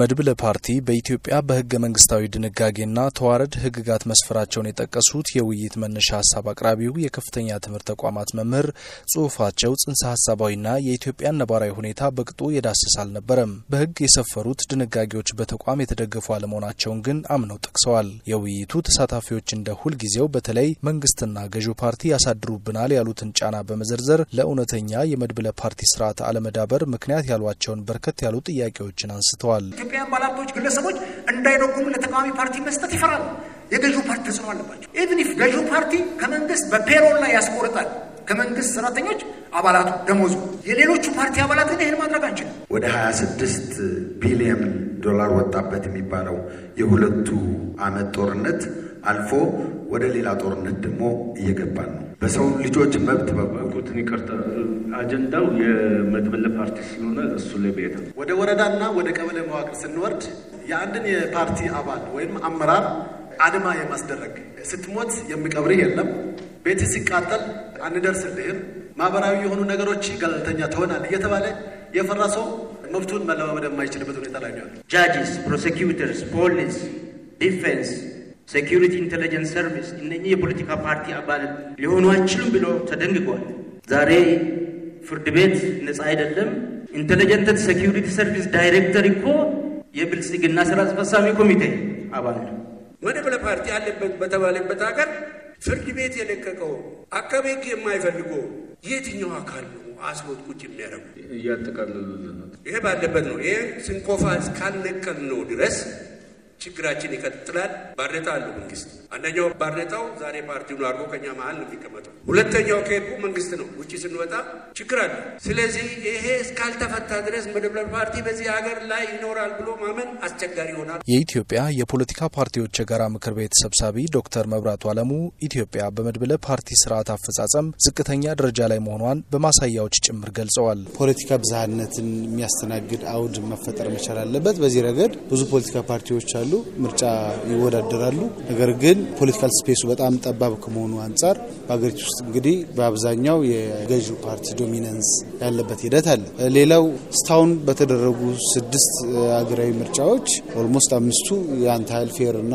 መድብለ ፓርቲ በኢትዮጵያ በህገ መንግስታዊ ድንጋጌና ተዋረድ ህግጋት መስፈራቸውን የጠቀሱት የውይይት መነሻ ሀሳብ አቅራቢው የከፍተኛ ትምህርት ተቋማት መምህር ጽሁፋቸው ጽንሰ ሀሳባዊና የኢትዮጵያን ነባራዊ ሁኔታ በቅጡ የዳሰስ አልነበረም። በህግ የሰፈሩት ድንጋጌዎች በተቋም የተደገፉ አለመሆናቸውን ግን አምነው ጠቅሰዋል። የውይይቱ ተሳታፊዎች እንደ ሁልጊዜው በተለይ መንግስትና ገዢው ፓርቲ ያሳድሩብናል ያሉትን ጫና በመዘርዘር ለእውነተኛ የመድብለ ፓርቲ ስርዓት አለመዳበር ምክንያት ያሏቸውን በርከት ያሉ ጥያቄዎችን አንስተዋል። ኢትዮጵያውያን ባለሀብቶች፣ ግለሰቦች እንዳይደጉሙ ለተቃዋሚ ፓርቲ መስጠት ይፈራሉ። የገዢው ፓርቲ ተጽዕኖ አለባቸው። ኢቭን ኢፍ ገዢው ፓርቲ ከመንግስት በፔሮል ላይ ያስቆርጣል ከመንግስት ሰራተኞች አባላቱ ደሞዙ፣ የሌሎቹ ፓርቲ አባላት ግን ይህን ማድረግ አንችልም። ወደ 26 ቢሊየን ዶላር ወጣበት የሚባለው የሁለቱ አመት ጦርነት አልፎ ወደ ሌላ ጦርነት ደግሞ እየገባን ነው። በሰው ልጆች መብት በኩትን ይቅርታ፣ አጀንዳው የመድበለ ፓርቲ ስለሆነ እሱ ላይ ብሄድ ወደ ወረዳና ወደ ቀበሌ መዋቅር ስንወርድ የአንድን የፓርቲ አባል ወይም አመራር አድማ የማስደረግ ስትሞት የሚቀብርህ የለም፣ ቤት ሲቃጠል አንደርስልህም፣ ማህበራዊ የሆኑ ነገሮች ገለልተኛ ትሆናል እየተባለ የፈራ ሰው መብቱን መለማመድ የማይችልበት ሁኔታ ላይ ነው። ጃጅስ፣ ፕሮሴኪዩተርስ፣ ፖሊስ፣ ዲፌንስ ሴኪሪቲ ኢንቴሊጀንስ ሰርቪስ እነኚህ የፖለቲካ ፓርቲ አባል ሊሆኑ አይችሉም ብሎ ተደንግጓል። ዛሬ ፍርድ ቤት ነጻ አይደለም ኢንቴሊጀንት ሴኪሪቲ ሰርቪስ ዳይሬክተር እኮ የብልጽግና ስራ አስፈጻሚ ኮሚቴ አባል ነው። ወደ ብለ ፓርቲ አለበት በተባለበት ሀገር ፍርድ ቤት የለቀቀው አቃቤ ሕግ የማይፈልገው የትኛው አካል ነው አስቦት ቁጭ የሚያደርጉ እያጠቃልሉልን ይሄ ባለበት ነው። ይሄ ስንኮፋ ነው ድረስ ችግራችን ይቀጥላል። ባርኔጣ አለው መንግስት። አንደኛው ባርኔጣው ዛሬ ፓርቲውን አድርጎ ከኛ መሀል ነው የሚቀመጠው። ሁለተኛው ከሄድኩ መንግስት ነው። ውጭ ስንወጣ ችግር አለ። ስለዚህ ይሄ እስካልተፈታ ድረስ መድብለር ፓርቲ በዚህ ሀገር ላይ ይኖራል ብሎ ማመን አስቸጋሪ ይሆናል። የኢትዮጵያ የፖለቲካ ፓርቲዎች የጋራ ምክር ቤት ሰብሳቢ ዶክተር መብራቱ አለሙ ኢትዮጵያ በመድብለ ፓርቲ ስርዓት አፈጻጸም ዝቅተኛ ደረጃ ላይ መሆኗን በማሳያዎች ጭምር ገልጸዋል። ፖለቲካ ብዝሃነትን የሚያስተናግድ አውድ መፈጠር መቻል አለበት። በዚህ ረገድ ብዙ ፖለቲካ ፓርቲዎች አሉ። ምርጫ ይወዳደራሉ። ነገር ግን ፖለቲካል ስፔሱ በጣም ጠባብ ከመሆኑ አንጻር በሀገሪቱ ውስጥ እንግዲህ በአብዛኛው የገዢው ፓርቲ ዶሚነንስ ያለበት ሂደት አለ። ሌላው እስካሁን በተደረጉ ስድስት ሀገራዊ ምርጫዎች ኦልሞስት አምስቱ የአንተ ሀይል ፌር እና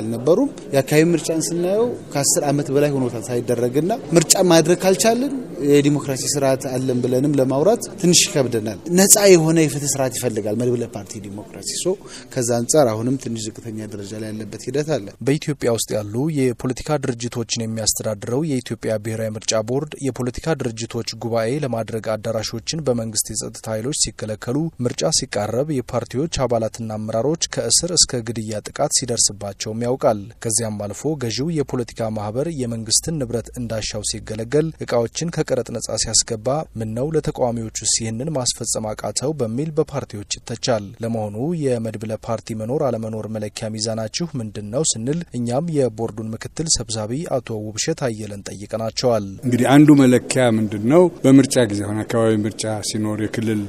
አልነበሩም። የአካባቢ ምርጫን ስናየው ከአስር ዓመት በላይ ሆኖታል ሳይደረግና ምርጫ ማድረግ ካልቻልን የዲሞክራሲ ስርዓት አለን ብለንም ለማውራት ትንሽ ይከብደናል። ነጻ የሆነ የፍትህ ስርዓት ይፈልጋል መድብለ ፓርቲ ዲሞክራሲ ሶ ከዛ አንጻር አሁንም ትንሽ ዝቅተኛ ደረጃ ላይ ያለበት ሂደት አለ። በኢትዮጵያ ውስጥ ያሉ የፖለቲካ ድርጅቶችን የሚያስተዳድረው የኢትዮጵያ ብሔራዊ ምርጫ ቦርድ የፖለቲካ ድርጅቶች ጉባኤ ለማድረግ አዳራሾችን በመንግስት የጸጥታ ኃይሎች ሲከለከሉ፣ ምርጫ ሲቃረብ የፓርቲዎች አባላትና አመራሮች ከእስር እስከ ግድያ ጥቃት ሲደርስባቸውም ያውቃል። ከዚያም አልፎ ገዢው የፖለቲካ ማህበር የመንግስትን ንብረት እንዳሻው ሲገለገል እቃዎችን ከ ከቀረጥ ነጻ ሲያስገባ ምን ነው ለተቃዋሚዎቹ ይህንን ማስፈጸም አቃተው በሚል በፓርቲዎች ይተቻል። ለመሆኑ የመድብለ ፓርቲ መኖር አለመኖር መለኪያ ሚዛናችሁ ምንድን ነው ስንል እኛም የቦርዱን ምክትል ሰብሳቢ አቶ ውብሸት አየለን ጠይቀናቸዋል። እንግዲህ አንዱ መለኪያ ምንድን ነው? በምርጫ ጊዜ ሆነ አካባቢ ምርጫ ሲኖር፣ የክልል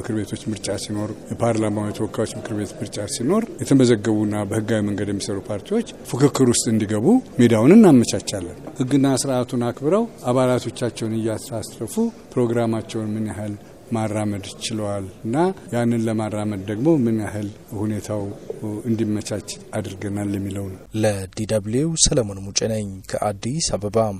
ምክር ቤቶች ምርጫ ሲኖር፣ የፓርላማ የተወካዮች ምክር ቤት ምርጫ ሲኖር የተመዘገቡና በህጋዊ መንገድ የሚሰሩ ፓርቲዎች ፉክክር ውስጥ እንዲገቡ ሜዳውን እናመቻቻለን። ህግና ስርዓቱን አክብረው አባላቶቻቸውን እያ እያሳስረፉ ፕሮግራማቸውን ምን ያህል ማራመድ ችለዋል እና ያንን ለማራመድ ደግሞ ምን ያህል ሁኔታው እንዲመቻች አድርገናል የሚለው ነው። ለዲ ሰለሞን ሙጬ ነኝ ከአዲስ አበባ።